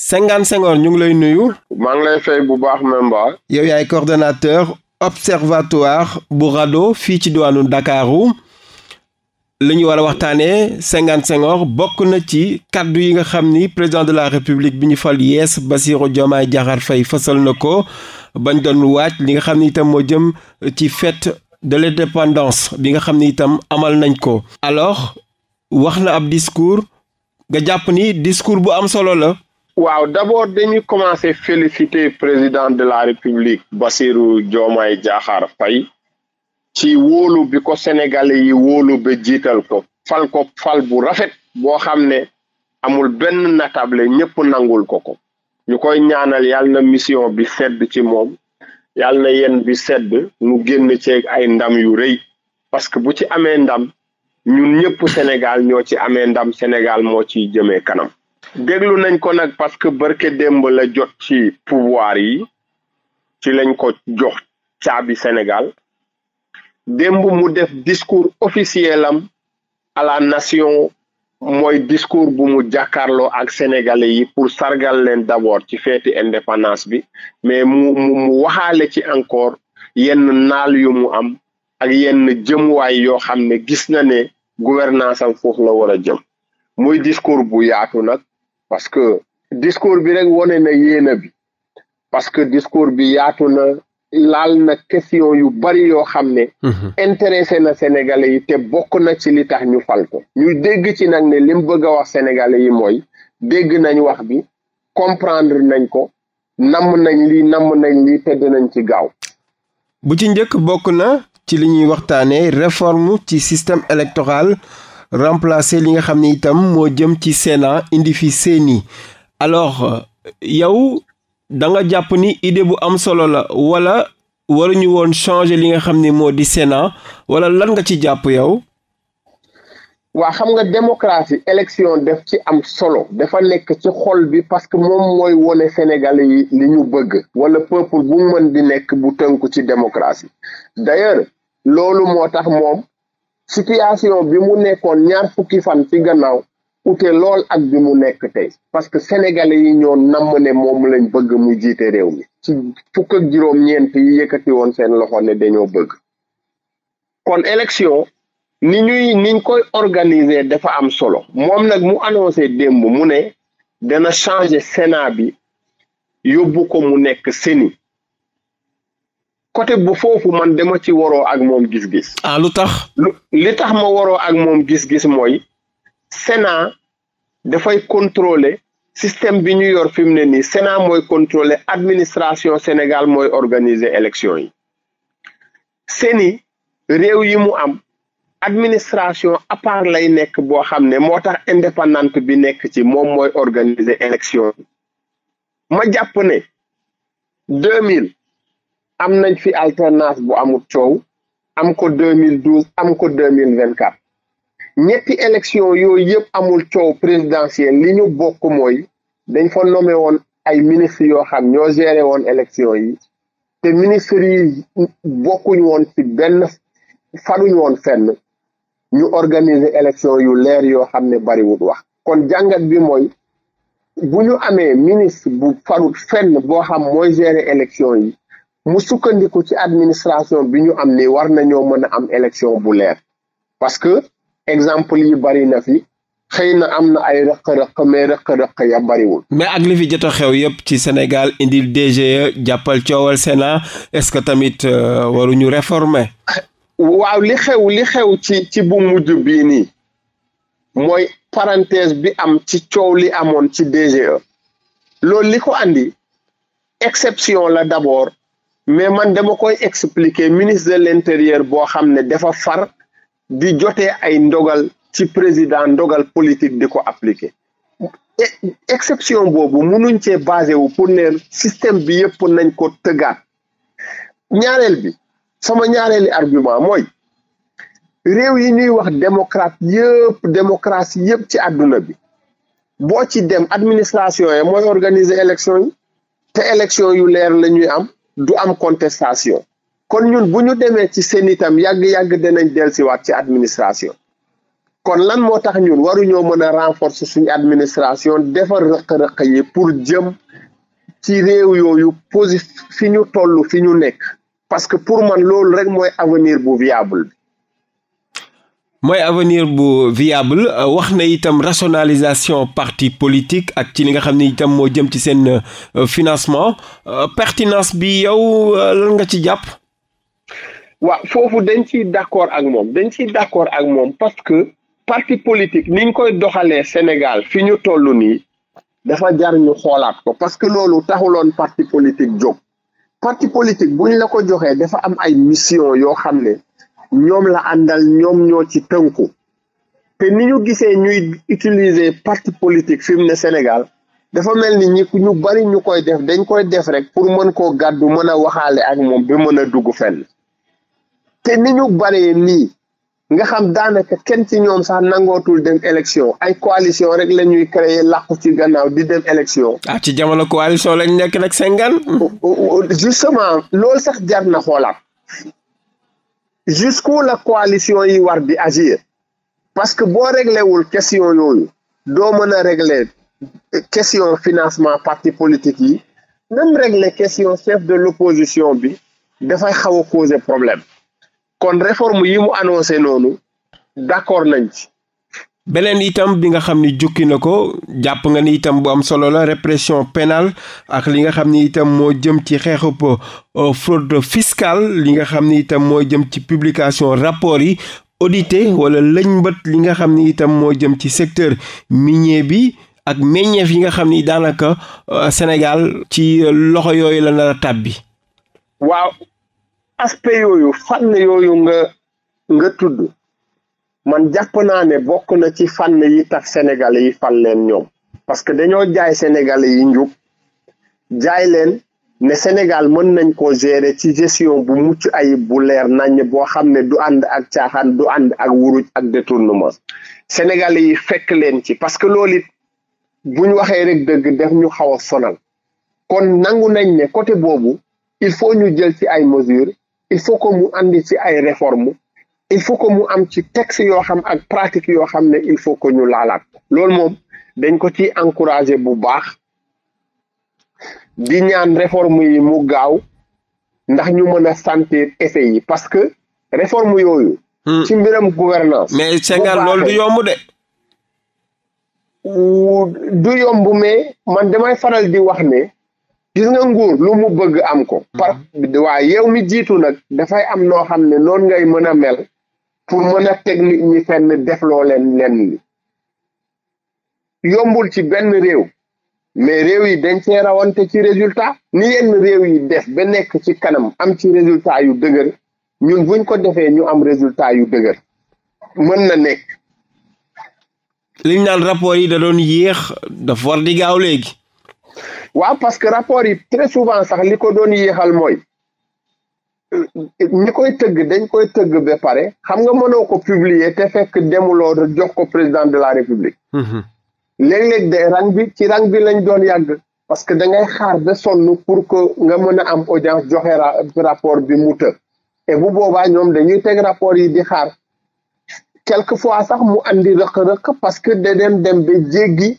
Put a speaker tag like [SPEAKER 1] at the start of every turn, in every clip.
[SPEAKER 1] Senghane Senghor ñu ngi lay nuyu.
[SPEAKER 2] maa ngi lay fay bu baax Memba.
[SPEAKER 1] yow yaay coordonnateur observatoire bu rado fii ci diwaanu Ndakaaru li ñu war a waxtaanee Senghane Senghor bokk na ci kàddu yi nga xam ni président de la république bi ñu fal yees Bassirou Diomaye Diakhar fay fësal na ko bañ doon waaj li nga xam ni itam moo jëm ci fête de l'indépendance bi nga xam ni itam amal nañ ko. alors wax na ab discours nga jàpp ni discours bu am solo la.
[SPEAKER 2] waaw d' abord dañuy commencer féliciter président de la république basiru Diomaye Diakhar Faye ci wóolu bi ko sénégalais yi wóolu ba jiital ko fal ko fal bu rafet boo xam ne amul benn natable ñëpp nangul ko ko ñu koy ñaanal yàlla na mission bi sedd ci moom yàlla na yéen bi sedd nu génn ceeg ay ndam yu rëy parce que bu ci amee ndam ñun ñëpp Sénégal ñoo ci amee ndam Sénégal moo ciy jëmee kanam déglu nañ ko nag parce que bërke démb la jot ci pouvoir yi ci lañ ko jox caabi Sénégal démb mu def discours officiel am à la nation mooy discours bu mu jàkkaarloo ak sénégalais yi pour sargal leen d'abord ci feeti indépendance bi mais mu mu mu waxaale ci encore yenn naal yu mu am ak yenn jëmwaay yoo xam ne gis na ne gouvernance am foofu la war jëm muy discours bu yaatu nag parce que discours bi rek wane na yéena bi parce que discours bi yaatu na laal na question yu bari yoo xam ne mhm. intéressé na sénégalais yi te bokk na ci li tax ñu fal ko ñu dégg ci nag ne lim bëgg a wax sénégalais yi mooy dégg nañ wax bi comprendre nañ ko namm nañ li namm nañ lii te nañ ci gaaw
[SPEAKER 1] bu ci njëkk bokk na ci li ñuy waxtaanee réforme ci système électoral remplacer li nga xam ni itam moo jëm ci Sénat indi fi seeni alors yow da nga jàpp ni idée bu am solo la wala waruñu woon changer li nga xam ni moo di Sénat wala lan nga ci jàpp yow.
[SPEAKER 2] waa xam nga démocratie élection def ci am solo dafa nekk ci xol bi parce que moom mooy wone Sénégal yi li ñu bëgg wala peuple bu mën di nekk bu tënku ci démocratie d'ailleurs loolu moo tax moom situation bi mu nekkoon ñaar fukki fan ci gannaaw ute lool ak bi mu nekk tey parce que sénégalais yi ñoo namm ne moom lañ bëgg mu jiite réew mi ci fukk ak juróom-ñeent yi yëkkati woon seen loxo ne dañoo bëgg kon élection ni ñuy niñ koy organiser dafa am solo moom nag mu annoncé démb mu ne dana changé Sénat bi yóbbu ko mu nekk seni côté bu foofu man dama ci waroo ak moom gis-gis. ah lu tax. li tax ma waroo ak moom gis-gis mooy sena dafay contrôler système bi ñu yor fi mu ne nii Sénat mooy contrôler administration Sénégal mooy organiser élection yi seeni réew yi mu am. administration à part lay nekk boo xam ne moo tax indépendante bi nekk ci moom mooy organiser élection ma jàpp ne deux mille am nañ fi alternance bu amul coow am ko 2012 am ko 2024 ñetti élection yooyu yëpp amul coow présidentiel li ñu bokk mooy dañ fa nommé woon ay ministre yoo xam ñoo géré woon élection yi te ministre yi bokkuñu woon ci benn faruñu woon fenn ñu organiser élection yu leer yoo xam ne bariwul wax kon jàngat bi mooy bu ñu amee ministre bu farut fenn boo xam mooy gérer élection yi mu sukkandiku ci administration bi ñu am ni war nañoo mën a am élection bu leer parce que exemple yi bari na fi xëy na am na ay rëq-rëq mais rëq-rëq ya bariwul.
[SPEAKER 1] mais ak li fi jot a xew yëpp ci Sénégal indi DGE jàppal coowal Sénat est-ce que tamit euh, waruñu réformer.
[SPEAKER 2] waaw li xew li xew ci ci bu mujj bii nii mooy parenthèse bi am ci coow li amoon ci DGE loolu li ko andi exception la d'abord mais man dama koy expliquer ministre de l'intérieur boo xam ne dafa far di jotee ay ndogal ci président ndogal politique di ko appliquer e, exception boobu munuñ cee basé wu pour ne système bi yëpp nañ ko tëggaat ñaareel bi sama ñaareeli argument mooy réew yi ñuy wax démocrate yëpp démocratie yëpp ci àdduna bi boo ci dem administration yi mooy organiser élection yi te élection yu leer la ñuy am du am contestation kon ñun bu ñu demee ci seen itam yàgg-yàgg dinañ dellusiwaat ci administration kon lan moo tax ñun waruñoo mën a renforcer suñu administration defar rëq-rëq yi pour jëm ci réew yooyu positif fi ñu toll fi ñu nekk parce que pour man loolu rek mooy avenir bu viable
[SPEAKER 1] mooy avenir bu viable euh, wax na itam rationalisation parti politique ak ci li nga xam ni itam moo jëm ci seen euh, financement euh, pertinance bi yow lan nga ci jàpp waaw foofu dañ ciy d'accord ak moom dañ ciy d'accord ak moom parce que
[SPEAKER 2] parti politique niñ koy doxalee Sénégal fi ñu toll nii dafa jar ñu xoolaat ko parce que loolu taxuloon parti politique jóg parti bu buñ la ko joxee dafa am ay mission yoo xam ne ñoom la àndal ñoom ñoo ci tënku te ni ñu gisee ñuy utiliser parti politique fi mu ne Sénégal dafa mel ni ñi ñu bari ñu koy def dañ koy def rek pour mën koo gàddu mën a waxaale ak moom bi mën a dugg fenn te ni ñu baree nii nga xam daanaka kenn ci ñoom sax nangootul dem élection ay coalition rek la ñuy créer làqu ci gannaaw di dem élection.
[SPEAKER 1] ah ci jamono coalition lañ nekk nag Senghane. justement loolu sax jar na xoolaat
[SPEAKER 2] jusqu'où la coalition yi war bi agir parce que boo réglewul question yooyu doo mën a régle question financement parti politique yi même régler question chef de l'opposition bi dafay xaw a causer problème kon réforme yi mu annoncé noonu d'accord nañ ci
[SPEAKER 1] beneen itam bi nga xam ni jukki na ko jàpp nga ni itam bu am solo la répression pénale ak li nga xam ni itam moo jëm ci xeexub euh, fraude fiscale li nga xam ni itam moo jëm ci publication rapport yi audité wala lëñbët li nga xam ni itam moo jëm ci secteur minier bi ak meññeef yi nga xam ni daanaka euh, Sénégal ci euh, loxo yooyu la nar a tàbbi. waaw
[SPEAKER 2] aspect yooyu fànn yooyu nga nga tudd. man jàpp naa ne bokk na ci fànn yi tax sénégalais yi fal leen ñoom parce que dañoo jaay sénégalais yi njub jaay leen ne Sénégal mën nañ ko gérer ci gestion bu mucc ay bu leer nañ ne boo xam ne du ànd ak caaxaan du ànd ak wuruj ak détournement sénégalais yi fekk leen ci parce que loolu it buñ waxee rek dëgg def ñu xaw a sonal kon nangu nañ ne côté boobu il faut ñu jël ci ay mesures il faut que mu andi ci ay réforme il faut ko mu am ci texte yoo xam ak pratique yoo xam ne il faut ko ñu laalaat loolu moom dañ ko ci encourager bu baax di ñaan réforme yi mu gaaw ndax ñu mën a sentir effet yi parce que réforme yooyu hmm. ci mbiram gouvernance mais Senghane loolu du yomb de du yomb mais man damay faral di wax ne gis nga nguur lu mu bëgg am ko hmm. par waa yow mi jiitu nag dafay am noo xam ne noonu ngay mën a mel pour mën a teg nit ñi fenn defloo leen lenn li yombul ci benn réew mais réew yi dañ cee rawante ci résultat ni yenn réew yi def ba nekk ci kanam am ci résultat yu dëgër ñun buñ ko defee ñu am résultat yu dëgër mën na nekk
[SPEAKER 1] liñ naan rapport yi da doon yéex dafa war di gaaw léegi
[SPEAKER 2] waa parce que rapport yi très souvent sax li ko doon yéexal mooy ñi koy tëgg dañ koy tëgg ba pare xam nga mënoo ko publier te fekk demuloo jox ko président de la république mhm. léeg-léeg de rang bi ci rang bi lañ doon yàgg parce que da ngay xaar ba sonn pour ko nga mën a am audience joxe rapport bi mu të et bu boobaa ñoom dañuy teg rapport yi di xaar quelque fois sax mu andi rëq-rëq parce que da dem dem ba jéggi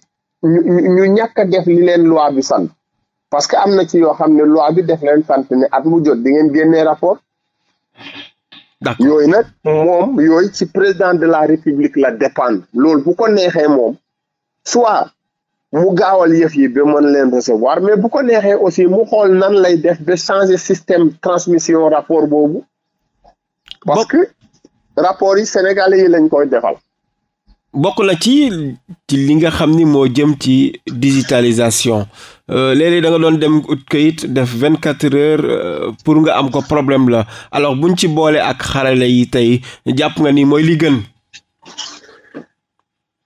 [SPEAKER 2] ñu ñu ñàkk def li leen loi bi sant parce que am na ci yoo xam ne loi bi def leen sant ni at mu jot di ngeen génnee rapport d'accord yooyu nag mm. moom yooyu ci président de la république la dépendre loolu bu ko neexee moom soit mu gaawal yëf yi ba mën leen recevoir mais bu ko neexee aussi mu xool nan lay def ba changer système transmission rapport boobu parce que rapport yi sénégalais yi lañ koy defal
[SPEAKER 1] bokk na ci ci li nga xam ni moo jëm ci digitalisation euh, léeg-léeg da nga doon dem ut kayit def vingt quatre heures euh, pour nga am ko problème la alors buñ ci boole ak xarale yi tey jàpp nga ni mooy li gën.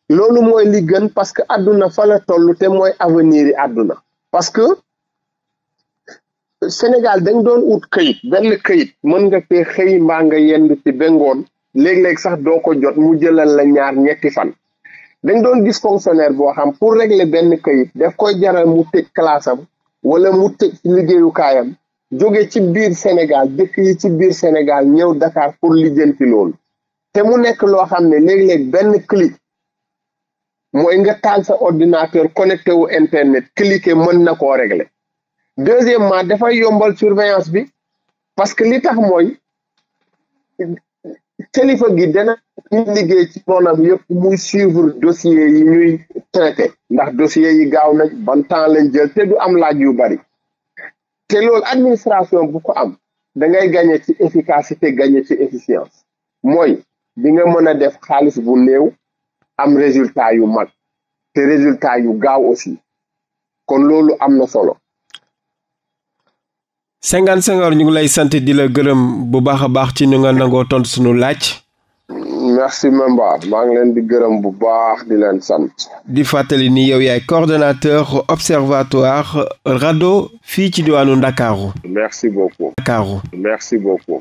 [SPEAKER 2] loolu mooy li gën parce que àdduna fa la toll te mooy avenir yi àdduna parce que Sénégal dañ doon ut kayit benn kayit mën nga cee xëy mbaa nga yend ci bengoon léegi léeg sax doo ko jot mu jëlal la ñaar ñetti fan dañ doon gis fonctionnaire boo xam pour régler benn kayit def koy jaral mu tëj classe wala mu tëj liggéeyukaayam jóge ci biir Sénégal dëkk yi ci biir Sénégal ñëw dakaar pour fi loolu te mu nekk loo xam ne léeg-léeg benn clic mooy nga taal sa ordinateur connecté wu internet cliquer mën na ko régler deuxièmement dafay yombal surveillance bi parce que li tax mooy kilifa gi dena liggéey ci bonam yëpp muy suivre dossier yi ñuy traité ndax dossier yi gaaw nañ ban temps lañ jël te du am laaj yu bari te loolu administration bu ko am da ngay gagné ci efficacité gagné ci efficience mooy di nga mën a def xaalis bu néew am résultat yu mag te résultat yu gaaw aussi kon loolu am na solo
[SPEAKER 1] Senghane Senghor ñu ngi lay sant di la gërëm bu baax a baax ci ñu nga nangoo tontu suñu laaj.
[SPEAKER 2] merci Memba maa ngi leen di gërëm bu baax di leen sant.
[SPEAKER 1] di fàttali ni yow yaay coordonnateur observatoire rado fii ci diwaanu Ndakaaru. merci beaucoup. Ndakaaru. merci beaucoup.